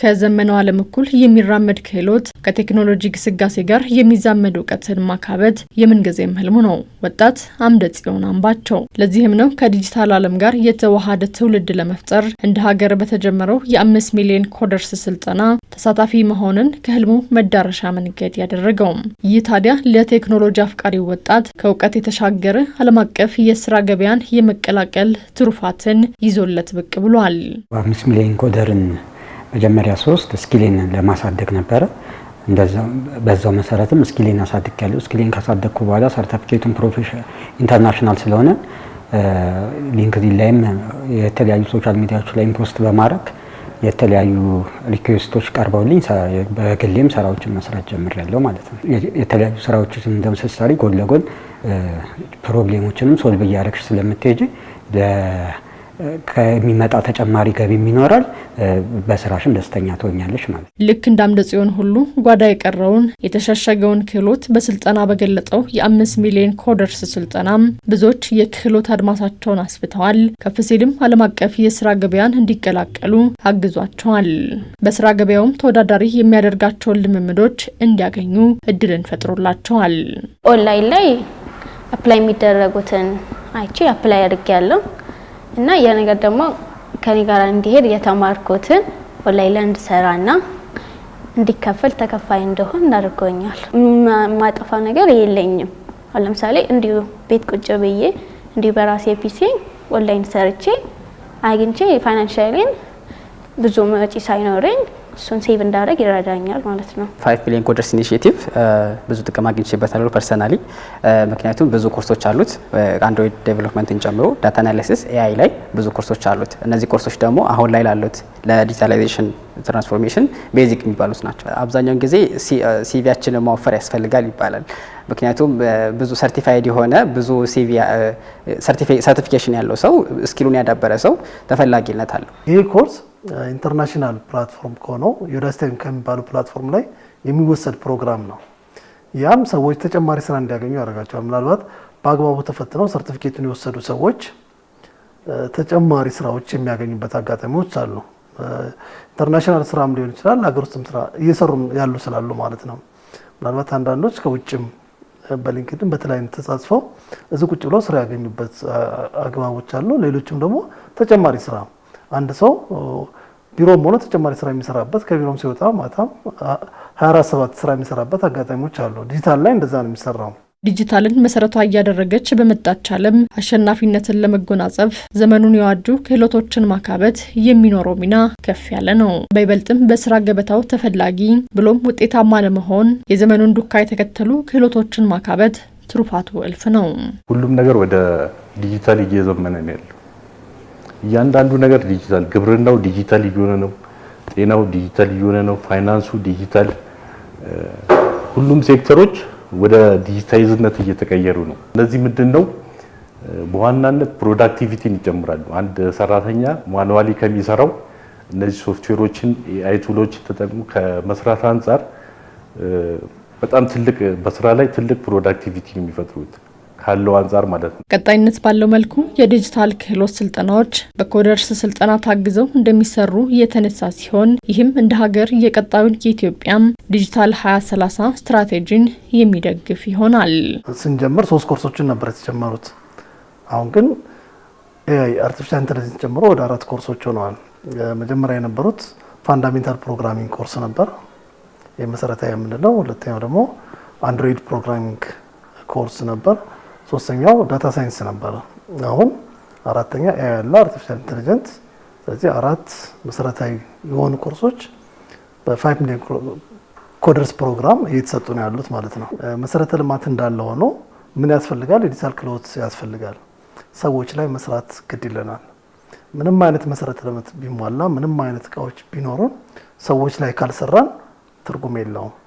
ከዘመነው ዓለም እኩል የሚራመድ ክህሎት ከቴክኖሎጂ ግስጋሴ ጋር የሚዛመድ እውቀትን ማካበት የምንጊዜም ህልሙ ነው። ወጣት አምደ ጽዮን አምባቸው ለዚህም ነው ከዲጂታል ዓለም ጋር የተዋሃደ ትውልድ ለመፍጠር እንደ ሀገር በተጀመረው የአምስት ሚሊዮን ኮደርስ ስልጠና ተሳታፊ መሆንን ከህልሙ መዳረሻ መንገድ ያደረገው። ይህ ታዲያ ለቴክኖሎጂ አፍቃሪ ወጣት ከእውቀት የተሻገረ ዓለም አቀፍ የስራ ገበያን የመቀላቀል ትሩፋትን ይዞለት ብቅ ብሏል። አምስት ሚሊዮን ኮደርን መጀመሪያ ሶስት ስኪሌን ለማሳደግ ነበረ። በዛው መሰረትም ስኪሊን አሳድግ ያለው ስኪሌን ካሳደግኩ በኋላ ሰርተፊኬቱን ፕሮፌሽን ኢንተርናሽናል ስለሆነ ሊንክዲን ላይም የተለያዩ ሶሻል ሚዲያዎች ላይ ፖስት በማድረግ የተለያዩ ሪኩዌስቶች ቀርበውልኝ በግሌም ስራዎችን መስራት ጀምሬያለሁ ማለት ነው። የተለያዩ ስራዎችን እንደምሰሳሪ ጎን ለጎን ፕሮብሌሞችንም ሶልቭ እያደረግሽ ስለምትሄጂ ከሚመጣ ተጨማሪ ገቢም ይኖራል። በስራሽም ደስተኛ ትሆኛለች ማለት ነው። ልክ እንደ አምደ ጽዮን ሁሉ ጓዳ የቀረውን የተሸሸገውን ክህሎት በስልጠና በገለጠው የአምስት ሚሊዮን ኮደርስ ስልጠና ብዙዎች የክህሎት አድማሳቸውን አስፍተዋል። ከፍ ሲልም ዓለም አቀፍ የስራ ገበያን እንዲቀላቀሉ አግዟቸዋል። በስራ ገበያውም ተወዳዳሪ የሚያደርጋቸውን ልምምዶች እንዲያገኙ እድልን ፈጥሮላቸዋል። ኦንላይን ላይ አፕላይ የሚደረጉትን አይቼ አፕላይ ያለው እና ያ ነገር ደግሞ ከኔ ጋር እንዲሄድ የተማርኩትን ኦንላይን ላይ እንድሰራና እንዲከፈል ተከፋይ እንደሆን አድርጎኛል። ማጠፋ ነገር የለኝም። ለምሳሌ እንዲሁ ቤት ቁጭ ብዬ እንዲሁ በራሴ ፒሲ ኦንላይን ሰርቼ አግኝቼ ፋይናንሻሊን ብዙ ወጪ ሳይኖረኝ እሱን ሴቭ እንዳደረግ ይረዳኛል ማለት ነው። ፋይቭ ቢሊዮን ኮደርስ ኢኒሽቲቭ ብዙ ጥቅም አግኝቼበታለሁ ፐርሰናሊ። ምክንያቱም ብዙ ኮርሶች አሉት አንድሮይድ ዴቨሎፕመንትን ጨምሮ ዳታ አናሊሲስ ኤአይ ላይ ብዙ ኮርሶች አሉት። እነዚህ ኮርሶች ደግሞ አሁን ላይ ላሉት ለዲጂታላይዜሽን ትራንስፎርሜሽን ቤዚክ የሚባሉት ናቸው። አብዛኛውን ጊዜ ሲቪያችንን ማወፈር ያስፈልጋል ይባላል። ምክንያቱም ብዙ ሰርቲፋይድ የሆነ ብዙ ሰርቲፊኬሽን ያለው ሰው ስኪሉን ያዳበረ ሰው ተፈላጊነት አለው። ይህ ኮርስ ኢንተርናሽናል ፕላትፎርም ከሆነው ዩዳስታይም ከሚባሉ ፕላትፎርም ላይ የሚወሰድ ፕሮግራም ነው። ያም ሰዎች ተጨማሪ ስራ እንዲያገኙ ያደርጋቸዋል። ምናልባት በአግባቡ ተፈትነው ሰርቲፊኬቱን የወሰዱ ሰዎች ተጨማሪ ስራዎች የሚያገኙበት አጋጣሚዎች አሉ። ኢንተርናሽናል ስራም ሊሆን ይችላል፣ ሀገር ውስጥም ስራ እየሰሩ ያሉ ስላሉ ማለት ነው። ምናልባት አንዳንዶች ከውጭም በሊንክድን በተለያዩ ተጻጽፈው እዚህ ቁጭ ብለው ስራ ያገኙበት አግባቦች አሉ። ሌሎችም ደግሞ ተጨማሪ ስራ አንድ ሰው ቢሮም ሆኖ ተጨማሪ ስራ የሚሰራበት ከቢሮም ሲወጣ ማታም 24 ሰባት ስራ የሚሰራበት አጋጣሚዎች አሉ። ዲጂታል ላይ እንደዛ ነው የሚሰራው። ዲጂታልን መሰረቷ እያደረገች በመጣች ዓለም አሸናፊነትን ለመጎናጸፍ ዘመኑን የዋጁ ክህሎቶችን ማካበት የሚኖረው ሚና ከፍ ያለ ነው። በይበልጥም በስራ ገበታው ተፈላጊ ብሎም ውጤታማ ለመሆን የዘመኑን ዱካ የተከተሉ ክህሎቶችን ማካበት ትሩፋቱ እልፍ ነው። ሁሉም ነገር ወደ ዲጂታል እየዘመነ ነው ያለው። እያንዳንዱ ነገር ዲጂታል፣ ግብርናው ዲጂታል እየሆነ ነው፣ ጤናው ዲጂታል እየሆነ ነው፣ ፋይናንሱ ዲጂታል፣ ሁሉም ሴክተሮች ወደ ዲጂታይዝነት እየተቀየሩ ነው። እነዚህ ምንድን ነው በዋናነት ፕሮዳክቲቪቲን ይጨምራሉ። አንድ ሰራተኛ ማኑዋሊ ከሚሰራው እነዚህ ሶፍትዌሮችን ኤአይ ቱሎችን ተጠቅሞ ከመስራት አንጻር በጣም ትልቅ በስራ ላይ ትልቅ ፕሮዳክቲቪቲ ነው የሚፈጥሩት። ካለው አንጻር ማለት ነው። ቀጣይነት ባለው መልኩ የዲጂታል ክህሎት ስልጠናዎች በኮደርስ ስልጠና ታግዘው እንደሚሰሩ እየተነሳ ሲሆን ይህም እንደ ሀገር የቀጣዩን የኢትዮጵያም ዲጂታል 2030 ስትራቴጂን የሚደግፍ ይሆናል። ስንጀምር ሶስት ኮርሶችን ነበር የተጀመሩት። አሁን ግን ኤአይ አርቲፊሻል ኢንተለጀንስ ጀምሮ ወደ አራት ኮርሶች ሆነዋል። መጀመሪያ የነበሩት ፋንዳሜንታል ፕሮግራሚንግ ኮርስ ነበር የመሰረታዊ የምንለው። ሁለተኛው ደግሞ አንድሮይድ ፕሮግራሚንግ ኮርስ ነበር። ሶስተኛው ዳታ ሳይንስ ነበረ። አሁን አራተኛ ኤአይ አርቲፊሻል ኢንቴሊጀንስ። ስለዚህ አራት መሰረታዊ የሆኑ ኮርሶች በፋይቭ ሚሊዮን ኮደርስ ፕሮግራም እየተሰጡ ነው ያሉት ማለት ነው። መሰረተ ልማት እንዳለ ሆኖ ምን ያስፈልጋል? የዲጂታል ክሎት ያስፈልጋል። ሰዎች ላይ መስራት ግድ ይለናል። ምንም አይነት መሰረተ ልማት ቢሟላ፣ ምንም አይነት እቃዎች ቢኖሩን ሰዎች ላይ ካልሰራን ትርጉም የለውም።